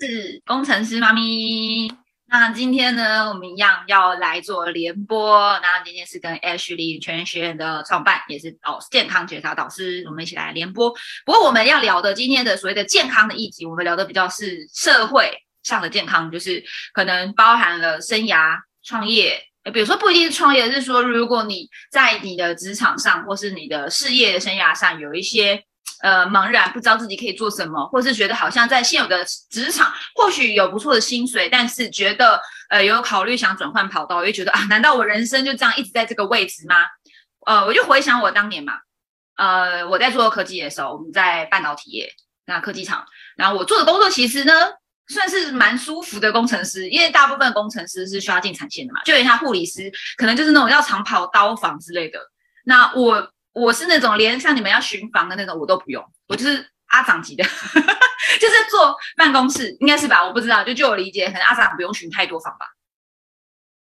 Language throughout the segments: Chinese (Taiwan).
是工程師媽咪，那今天呢，我們一樣要來做聯播。那今天是跟全人學院的創辦，也是哦健康覺察導師，我們一起來聯播。不過我們要聊的今天的所謂的健康的議題，我們聊的比較是社會上的健康，就是可能包含了生涯創業，比如說不一定是創業，是說如果你在你的職場上或是你的事業的生涯上有一些。呃，茫然，不知道自己可以做什麼，或是覺得好像在現有的職場或許有不錯的薪水，但是覺得呃有考慮想轉換跑道，又覺得啊，難道我人生就這樣一直在這個位置嗎？呃，我就回想我當年嘛，呃，我在做科技的時候，我們在半導體業，那科技廠，然後我做的工作其實呢算是蠻舒服的工程師，因為大部分工程師是需要進產線的嘛，就連像護理師，可能就是那種要常跑刀房之類的，那我。我是那種連像你們要巡房的那種我都不用，我就是阿長級的， 就是坐辦公室，應該是吧？我不知道，就據我理解，可能阿長不用巡太多房吧，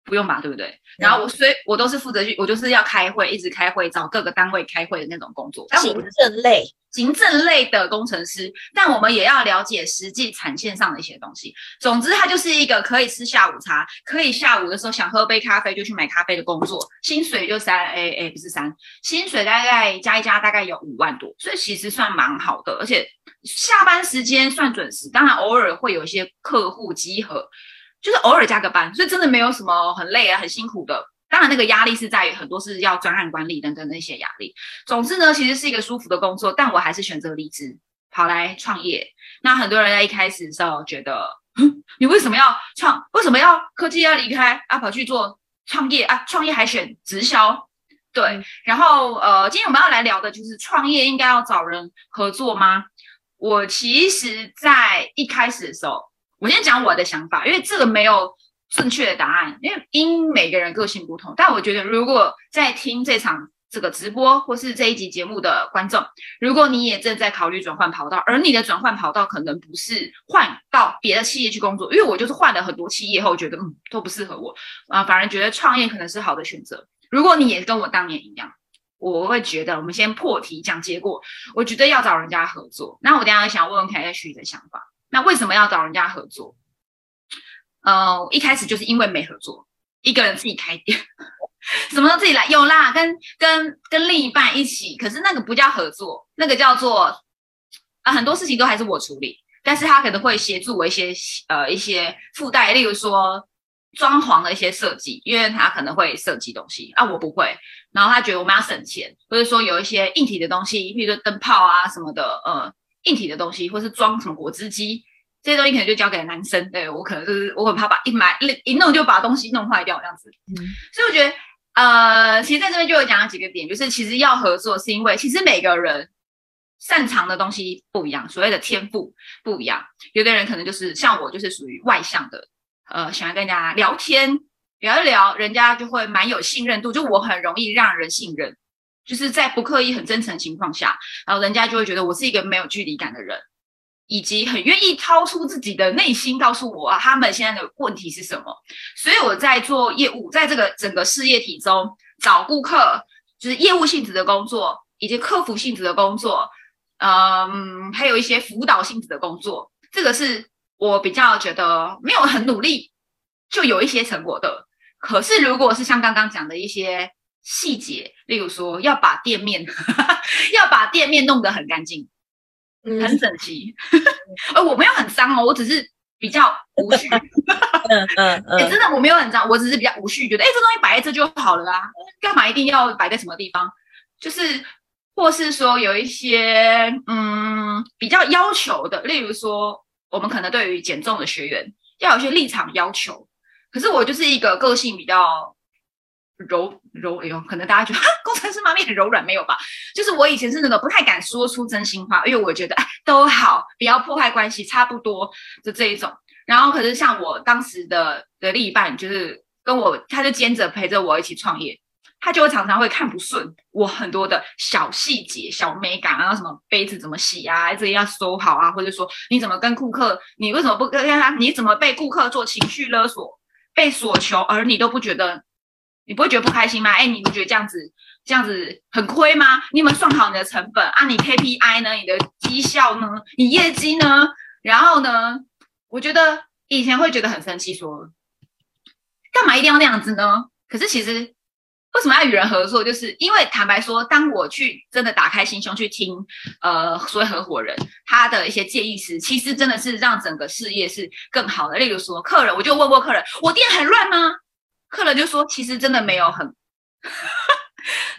不用吧，對不對？嗯、然後我所以，我都是負責去，我就是要開會，一直開會，找各個單位開會的那種工作，但我不是很累。行政類的工程師，但我們也要了解實際產線上的一些東西。總之，它就是一個可以吃下午茶，可以下午的時候想喝杯咖啡就去買咖啡的工作。薪水就三 A，哎、欸欸，不是三，薪水大概加一加大概有五萬多，所以其實算蠻好的。而且下班時間算準時，當然偶爾會有一些客戶集合，就是偶爾加個班，所以真的沒有什麼很累啊，很辛苦的。當然，那個壓力是在於很多是要專案管理等等的一些壓力。總之呢，其實是一個舒服的工作，但我還是選擇離職跑來創業。那很多人在一開始的時候覺得，你為什麼要創？為什麼要科技要離開，要、啊、跑去做創業啊？創業還選直銷？對。然後呃，今天我們要來聊的就是創業應該要找人合作嗎？我其實在一開始的時候，我先講我的想法，因為這個沒有。正確的答案，因為因每個人個性不同。但我覺得，如果在聽這場這個直播或是這一集節目的觀眾，如果你也正在考慮轉換跑道，而你的轉換跑道可能不是換到別的企業去工作，因為我就是換了很多企業後，覺得嗯都不適合我啊，反而覺得創業可能是好的選擇。如果你也跟我當年一樣，我會覺得我們先破題講結果。我覺得要找人家合作。那我等一下想問問凱亞旭的想法。那為什麼要找人家合作？嗯、呃，一開始就是因為沒合作，一個人自己開店， 什麼都自己來，有啦，跟跟跟另一半一起，可是那個不叫合作，那個叫做啊、呃，很多事情都還是我處理，但是他可能會協助我一些呃一些附帶，例如說裝潢的一些設計，因為他可能會設計東西啊，我不會，然後他覺得我們要省錢，或者說有一些硬體的東西，比如說燈泡啊什麼的，呃，硬體的東西或是裝什麼果汁機。這些東西可能就交給男生，對，我可能就是我很怕把一買一一弄就把東西弄壞掉這樣子，嗯，所以我覺得呃，其實在這邊就有講到幾個點，就是其實要合作是因為其實每個人擅長的東西不一樣，所謂的天賦不一樣，嗯、有的人可能就是像我就是屬於外向的，呃，喜歡跟人家聊天聊一聊，人家就會蠻有信任度，就我很容易讓人信任，就是在不刻意很真誠的情況下，然後人家就會覺得我是一個沒有距離感的人。以及很願意掏出自己的內心告訴我啊，他們現在的問題是什麼，所以我在做業務，在這個整個事業體中找顧客，就是業務性質的工作，以及客服性質的工作，嗯，還有一些輔導性質的工作，這個是我比較覺得沒有很努力就有一些成果的。可是如果是像剛剛講的一些細節，例如說要把店面哈哈 要把店面弄得很乾淨。嗯、很整齊、嗯， 呃，我沒有很髒哦，我只是比較無序、 欸。嗯，真的我沒有很髒，我只是比較無序，覺得哎、欸，這東西擺在這就好了啦、啊，幹嘛一定要擺在什麼地方？就是或是說有一些嗯，比較要求的，例如說我們可能對於減重的學員要有一些立場要求，可是我就是一個個性比較。柔柔，哎喲，可能大家覺得啊，工程師媽咪很柔軟沒有吧？就是我以前是那種不太敢說出真心話，因為我覺得哎、啊、都好，不要破壞關係，差不多就這一種。然後可是像我當時的的另一半，就是跟我，他就兼着陪着我一起創業，他就常常會看不順我很多的小細節、小美感啊，然後什麼杯子怎麼洗啊，這些要收好啊，或者說你怎麼跟顧客，你為什麼不跟他，你怎麼被顧客做情緒勒索，被索求而你都不覺得。你不會覺得不開心嗎？哎、欸，你不覺得這樣子，這樣子很虧嗎？你有沒有算好你的成本啊？你 KPI 呢？你的績效呢？你業績呢？然後呢？我覺得以前會覺得很生氣，說幹嘛一定要那樣子呢？可是其實為什麼要與人合作？就是因為坦白說，當我去真的打開心胸去聽，呃，所謂合夥人他的一些建議時，其實真的是讓整個事業是更好的。例如說，客人我就問過客人，我店很亂嗎？客人就是、說其實真的沒有很，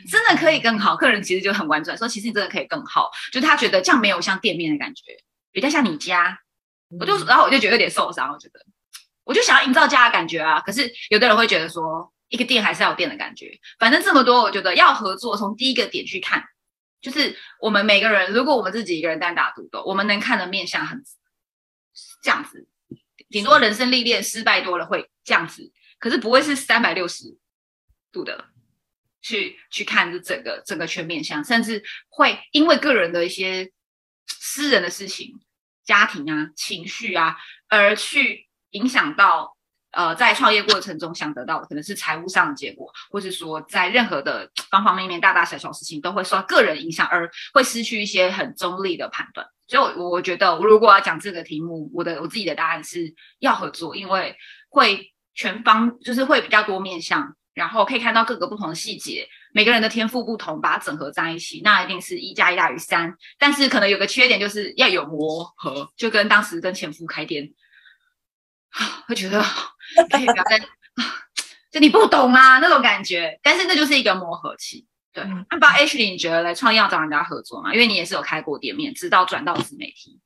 真的可以更好。客人其實就很婉轉說，其實你真的可以更好。就是、他覺得這樣沒有像店面的感覺，比較像你家。嗯、我就然後我就覺得有點受傷。我覺得我就想要營造家的感覺啊。可是有的人會覺得說，一個店還是要有店的感覺。反正這麼多，我覺得要合作。從第一個點去看，就是我們每個人，如果我們自己一個人單打獨鬥，我們能看的面相很這樣子，頂多人生歷練失敗多了會這樣子。可是不會是三百六十度的去去看這整個整個全面向，甚至會因為個人的一些私人的事情、家庭啊、情緒啊，而去影響到呃，在創業過程中想得到的可能是財務上的結果，或是說在任何的方方面面、大大小小事情都會受到個人影響，而會失去一些很中立的判斷。所以我，我我覺得，我如果要講這個題目，我的我自己的答案是要合作，因為會。全方就是會比較多面向，然後可以看到各個不同的細節。每個人的天賦不同，把它整合在一起，那一定是一加一大於三。但是可能有個缺點，就是要有磨合，就跟當時跟前夫開店，會覺得可以不要再，就你不懂啊那種感覺。但是那就是一個磨合期。對，那 Ashley，你覺得來創業要找人家合作嗎？因為你也是有開過店面，直到轉到自媒體。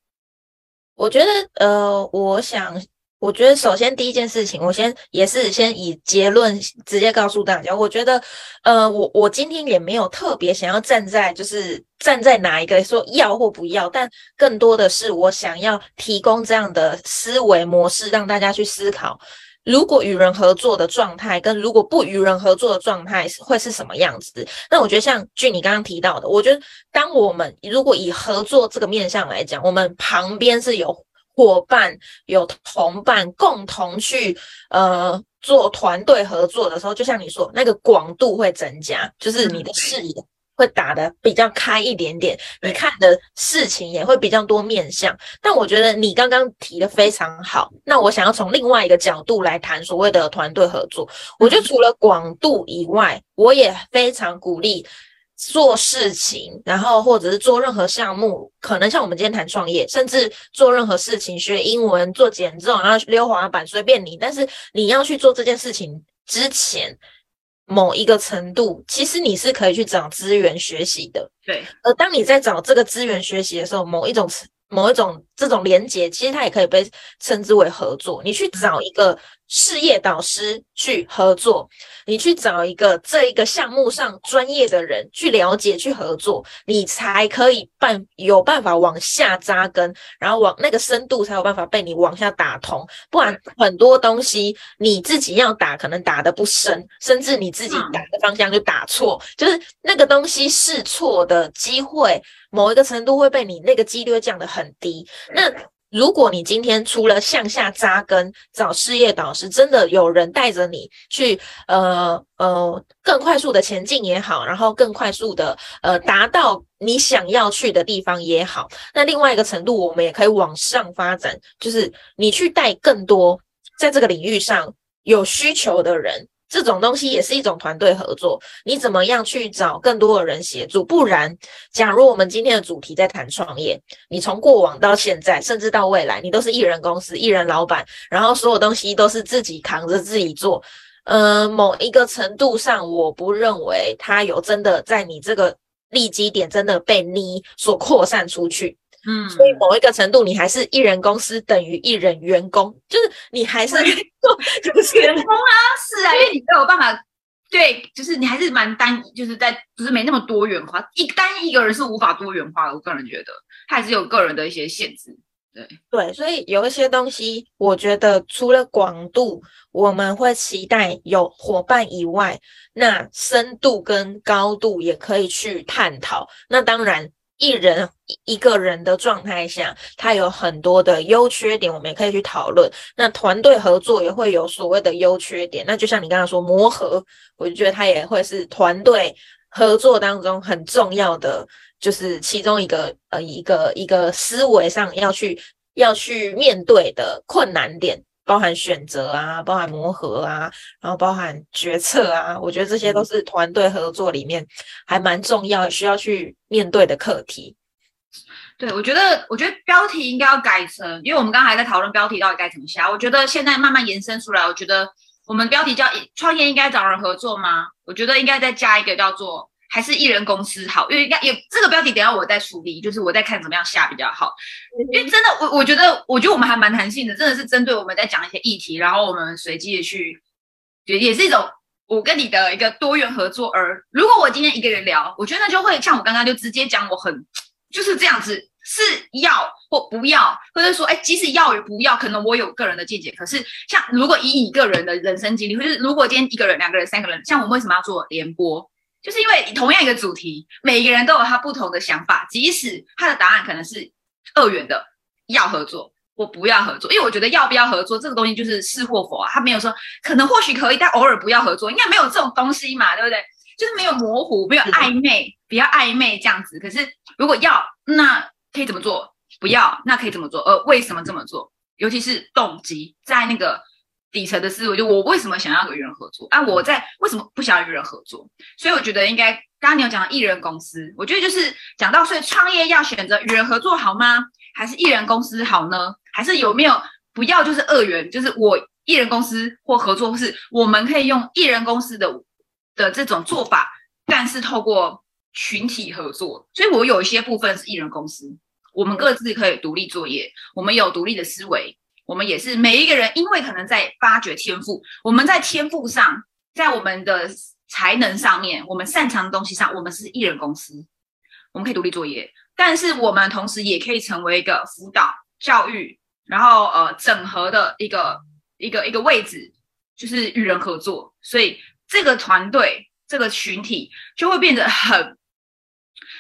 我覺得，呃，我想。我覺得，首先第一件事情，我先也是先以結論直接告訴大家。我覺得，呃，我我今天也沒有特別想要站在，就是站在哪一個說要或不要，但更多的是我想要提供這樣的思維模式，讓大家去思考，如果與人合作的狀態跟如果不與人合作的狀態是會是什麼樣子。那我覺得，像據你剛剛提到的，我覺得當我們如果以合作這個面向來講，我們旁邊是有。夥伴有同伴，共同去呃做團隊合作的時候，就像你說，那個廣度會增加，就是你的視野會打得比較開一點點，你看的事情也會比較多面向。但我覺得你剛剛提的非常好，那我想要從另外一個角度來談所謂的團隊合作，我覺得除了廣度以外，我也非常鼓勵。做事情，然後或者是做任何項目，可能像我們今天談創業，甚至做任何事情，學英文，做減重，然後溜滑板，隨便你。但是你要去做這件事情之前，某一個程度，其實你是可以去找資源學習的。對。而當你在找這個資源學習的時候，某一種某一種這種連接，其實它也可以被稱之為合作。你去找一個。嗯事業導師去合作，你去找一個這一個項目上專業的人去了解、去合作，你才可以辦有辦法往下扎根，然後往那個深度才有辦法被你往下打通。不然很多東西你自己要打，可能打得不深，甚至你自己打的方向就打錯，就是那個東西試錯的機會，某一個程度會被你那個幾率降得很低。那如果你今天除了向下扎根、找事業導師，真的有人帶着你去，呃呃，更快速的前進也好，然後更快速的呃達到你想要去的地方也好，那另外一個程度，我們也可以往上發展，就是你去帶更多在這個領域上有需求的人。這種東西也是一種團隊合作，你怎麼樣去找更多的人協助？不然，假如我們今天的主題在談創業，你從過往到現在，甚至到未來，你都是一人公司、一人老闆，然後所有東西都是自己扛着自己做。嗯、呃，某一個程度上，我不認為它有真的在你這個利基點真的被你所擴散出去。嗯，所以某一個程度，你還是一人公司等於一人員工，就是你還是做，就是員工啊，是啊，因為你沒有辦法對，就是你還是蠻單一，就是在不、就是沒那麼多元化，一單一一個人是無法多元化的。我個人覺得，他還是有個人的一些限制。對對，所以有一些東西，我覺得除了廣度，我們會期待有夥伴以外，那深度跟高度也可以去探討。那當然。一人一個人的狀態下，他有很多的優缺點，我們也可以去討論。那團隊合作也會有所謂的優缺點。那就像你剛剛說磨合，我就覺得他也會是團隊合作當中很重要的，就是其中一個呃一個一個思維上要去要去面對的困難點。包含選擇啊，包含磨合啊，然後包含決策啊，我覺得這些都是團隊合作裡面還蠻重要的，需要去面對的課題。對，我覺得，我覺得標題應該要改成，因為我們剛才在討論標題到底該怎麼下，我覺得現在慢慢延伸出來，我覺得我們標題叫創業應該找人合作嗎？我覺得應該再加一個叫做。還是一人公司好，因為應也這個標題，等下我再處理。就是我在看怎麼樣下比較好，mm -hmm. 因為真的，我我覺得，我覺得我們還蠻彈性的，真的是針對我們在講一些議題，然後我們隨機的去，也也是一種我跟你的一個多元合作。而如果我今天一個人聊，我覺得那就會像我剛剛就直接講，我很就是這樣子是要或不要，或者說，哎，即使要與不要，可能我有個人的見解。可是像如果以一個人的人生經歷，或者是如果今天一個人、兩個人、三個人，像我們為什麼要做聯播？就是因為同樣一個主題，每一個人都有他不同的想法，即使他的答案可能是二元的，要合作，我不要合作。因為我覺得要不要合作這個東西就是是或否啊，他沒有說可能或許可以，但偶爾不要合作，應該沒有這種東西嘛，對不對？就是沒有模糊，沒有曖昧，比較曖昧這樣子。可是如果要，那可以怎麼做？不要，那可以怎麼做？而、呃、為什麼這麼做？尤其是動機在那個。底層的思維，我就我為什麼想要與人合作，那、啊、我在為什麼不想要與人合作？所以我覺得應該剛剛你有講到一人公司，我覺得就是講到，所以創業要選擇與人合作好嗎？還是一人公司好呢？還是有沒有不要就是二元，就是我一人公司或合作公是我們可以用一人公司的的這種做法，但是透過群體合作，所以我有一些部分是一人公司，我們各自可以獨立作業，我們有獨立的思維。我們也是每一個人，因為可能在發掘天賦，我們在天賦上，在我們的才能上面，我們擅長的東西上，我們是一人公司，我們可以獨立作業，但是我們同時也可以成為一個輔導教育，然後呃整合的一個一個一個位置，就是與人合作，所以這個團隊這個群體就會變得很，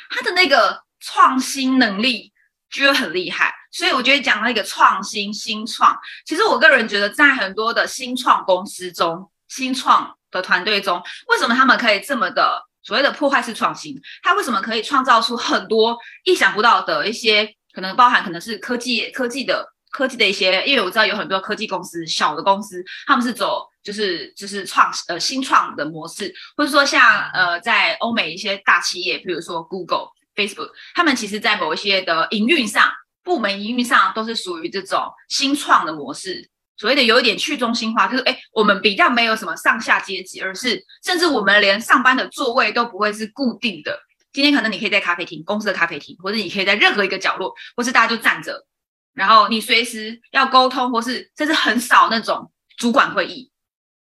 他的那個創新能力就會很厲害。所以我覺得講那個創新、新創，其實我個人覺得，在很多的新創公司中、新創的團隊中，為什麼他們可以這麼的所謂的破壞式創新？他為什麼可以創造出很多意想不到的一些可能，包含可能是科技、科技的科技的一些？因為我知道有很多科技公司、小的公司，他們是走就是就是創呃新創的模式，或者說像呃在歐美一些大企業，比如說 Google、Facebook，他們其實在某一些的營運上，部門營運上都是屬於這種新創的模式，所謂的有一點去中心化，就是誒我們比較沒有什麼上下階級，而是甚至我們連上班的座位都不會是固定的。今天可能你可以在咖啡廳，公司的咖啡廳，或者你可以在任何一個角落，或是大家就站着，然後你隨時要溝通，或是甚至很少那種主管會議，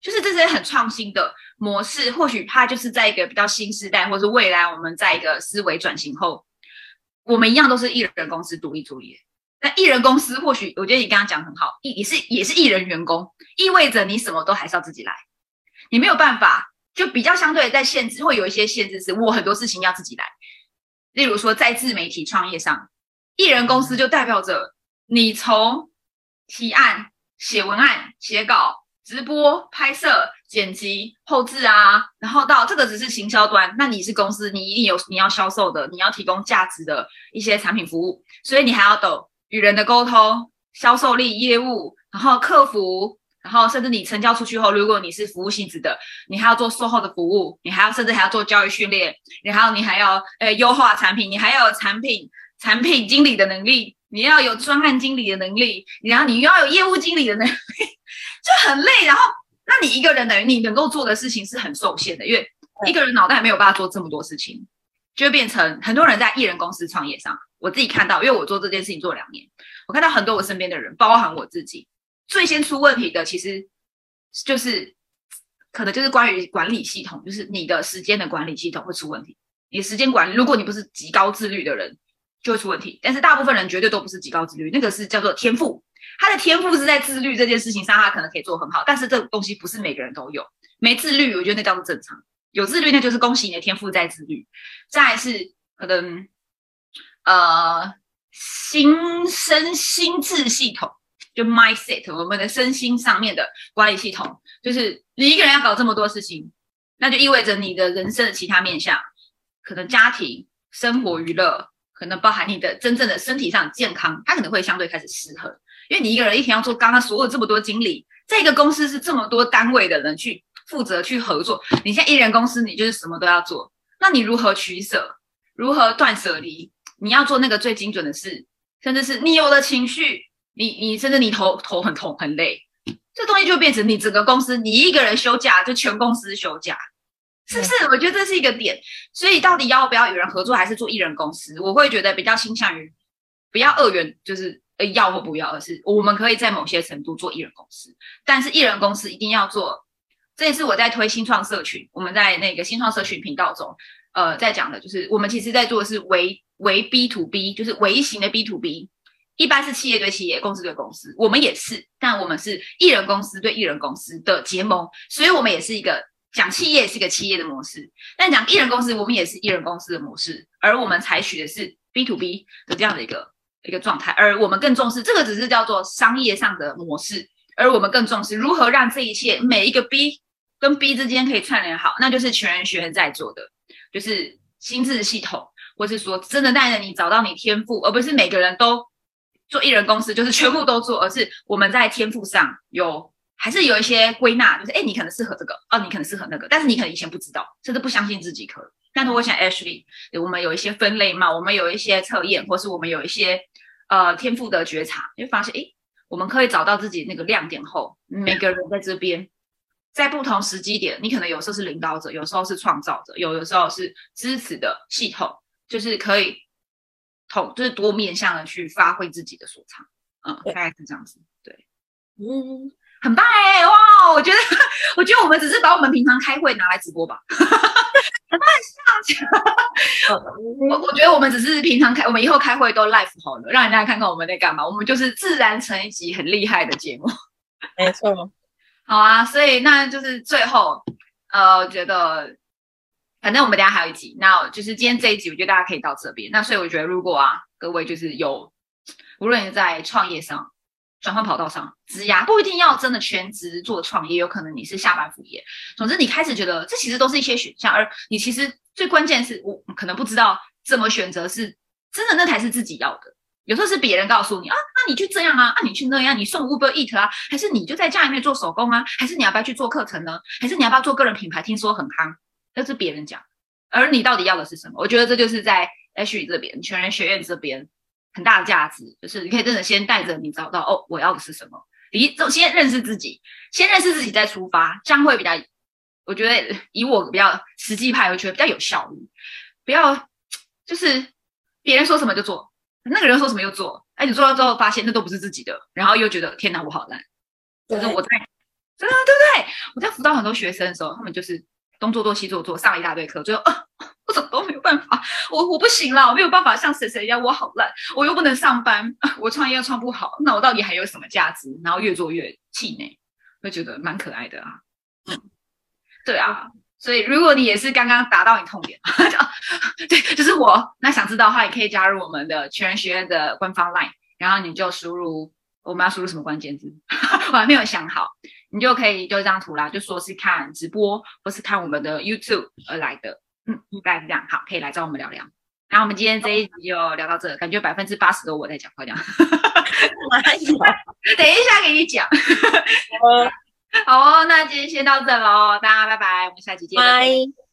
就是這些很創新的模式，或許它就是在一個比較新時代，或是未來我們在一個思維轉型後。我們一樣都是一人公司獨立作業，那一人公司或許我覺得你剛剛講得很好，也是也是一人員工，意味着你什麼都還是要自己來，你沒有辦法就比較相對的在限制，會有一些限制，是我很多事情要自己來，例如說在自媒體創業上，一人公司就代表着你從提案、寫文案、寫稿、直播、拍攝。剪輯、後製啊，然後到這個只是行銷端，那你是公司，你一定有你要銷售的，你要提供價值的一些產品服務，所以你還要懂與人的溝通、銷售力、業務，然後客服，然後甚至你成交出去後，如果你是服務性質的，你還要做售後的服務，你還要甚至還要做教育訓練，然後你還要呃優化產品，你還要有產品產品經理的能力，你要有專案經理的能力，然後你又要有業務經理的能力，就很累，然後。那你一個人等於你能夠做的事情是很受限的，因為一個人腦袋沒有辦法做這麼多事情，就變成很多人在一人公司創業上，我自己看到，因為我做這件事情做了兩年，我看到很多我身邊的人，包含我自己，最先出問題的其實就是可能就是關於管理系統，就是你的時間的管理系統會出問題，你的時間管理。如果你不是極高自律的人就會出問題，但是大部分人絕對都不是極高自律，那個是叫做天賦。他的天賦是在自律這件事情上，他可能可以做很好，但是這個東西不是每個人都有。沒自律，我覺得那叫做正常；有自律，那就是恭喜你的天賦在自律。再來是可能呃，心身心智系統，就 mindset，我們的身心上面的管理系統，就是你一個人要搞這麼多事情，那就意味着你的人生的其他面向，可能家庭、生活、娛樂，可能包含你的真正的身體上健康，它可能會相對開始失衡。因為你一個人一天要做剛剛所有這麼多經理，這個公司是這麼多單位的人去負責去合作。你像一人公司，你就是什麼都要做，那你如何取捨，如何斷捨離？你要做那個最精準的事，甚至是你有了情緒，你你甚至你頭頭很痛很累，這東西就變成你整個公司，你一個人休假就全公司休假，是不是？我覺得這是一個點。所以到底要不要與人合作，還是做一人公司？我會覺得比較傾向於不要二元，就是。呃，要或不要，而是我們可以在某些程度做一人公司，但是一人公司一定要做。這也是我在推新創社群，我們在那個新創社群頻道中，呃，在講的就是我們其實，在做的是微微 B to B，就是微型的 B to B，一般是企業對企業，公司對公司，我們也是，但我們是一人公司對一人公司的結盟，所以我們也是一個講企業是一個企業的模式，但講一人公司，我們也是一人公司的模式，而我們採取的是 B to B 的這樣的一個。一個狀態，而我們更重視這個，只是叫做商業上的模式。而我們更重視如何讓這一切每一個 B 跟 B 之間可以串聯好，那就是全人學院在做的，就是心智系統，或是說真的帶着你找到你天賦，而不是每個人都做一人公司，就是全部都做，而是我們在天賦上有還是有一些歸納，就是哎，你可能適合這個，哦，你可能適合那個，但是你可能以前不知道，甚至不相信自己可以。那如果像 Ashley，我們有一些分類嘛，我們有一些測驗，或是我們有一些呃天賦的覺察，你會發現誒，我們可以找到自己那個亮點後，每個人在這邊，在不同時機點，你可能有時候是領導者，有時候是創造者，有的時候是支持的系統，就是可以統，就是多面向的去發揮自己的所長嗯，嗯，大概是這樣子，對，嗯很棒哎、欸，哇！我覺得，我覺得我們只是把我們平常開會拿來直播吧。很棒，鏡，我我覺得我們只是平常開，我們以後開會都 live 好了，讓人家看看我們在幹嘛。我們就是自然成一集很厲害的節目。沒錯。好啊，所以那就是最後，呃，我覺得反正我們等下還有一集，那就是今天這一集，我覺得大家可以到這邊。那所以我覺得，如果啊，各位就是有，無論你在創業上。轉換跑道上，支壓不一定要真的全職做創業，有可能你是下班副業。總之，你開始覺得這其實都是一些選項，而你其實最關鍵是我可能不知道怎麼選擇，是真的那才是自己要的。有時候是別人告訴你啊，那你去這樣啊，啊你去那樣，你送 Uber Eat 啊，還是你就在家裡面做手工啊，還是你要不要去做課程呢？啊？還是你要不要做個人品牌？聽說很夯，那是別人講，而你到底要的是什麼？我覺得這就是在 H E 這邊全人學院這邊。很大的價值就是，你可以真的先帶着你找到哦，我要的是什麼？你就先認識自己，先認識自己再出發，這樣會比較。我覺得以我比較實際派而，我覺得比較有效率。不要就是別人說什麼就做，那個人說什麼就做。哎、欸，你做到之後發現那都不是自己的，然後又覺得天哪，我好爛。就是我在真的對不對？我在輔導很多學生的時候，他們就是。東做做西做做，上了一大堆課，最後，呃，我怎麼都沒有辦法，我我不行了，我沒有辦法像誰誰一樣，我好爛，我又不能上班，呃，我創業又創不好，那我到底還有什麼價值？然後越做越氣餒，會覺得蠻可愛的啊，嗯， 對啊，所以如果你也是剛剛達到你痛點， 對，就是我，那想知道的話，也可以加入我們的全人學院的官方 LINE，然後你就輸入，我們要輸入什麼關鍵字， 我還沒有想好。你就可以就這張圖啦，就說是看直播或是看我們的 YouTube 而來的，嗯，應該是這樣。好，可以來找我們聊聊。那、啊、我們今天這一集就聊到這，感覺百分之八十的我在講，快點，我還講，等一下給你講。 好哦，好，那今天先到這嘍，大家拜拜，我們下期見，拜。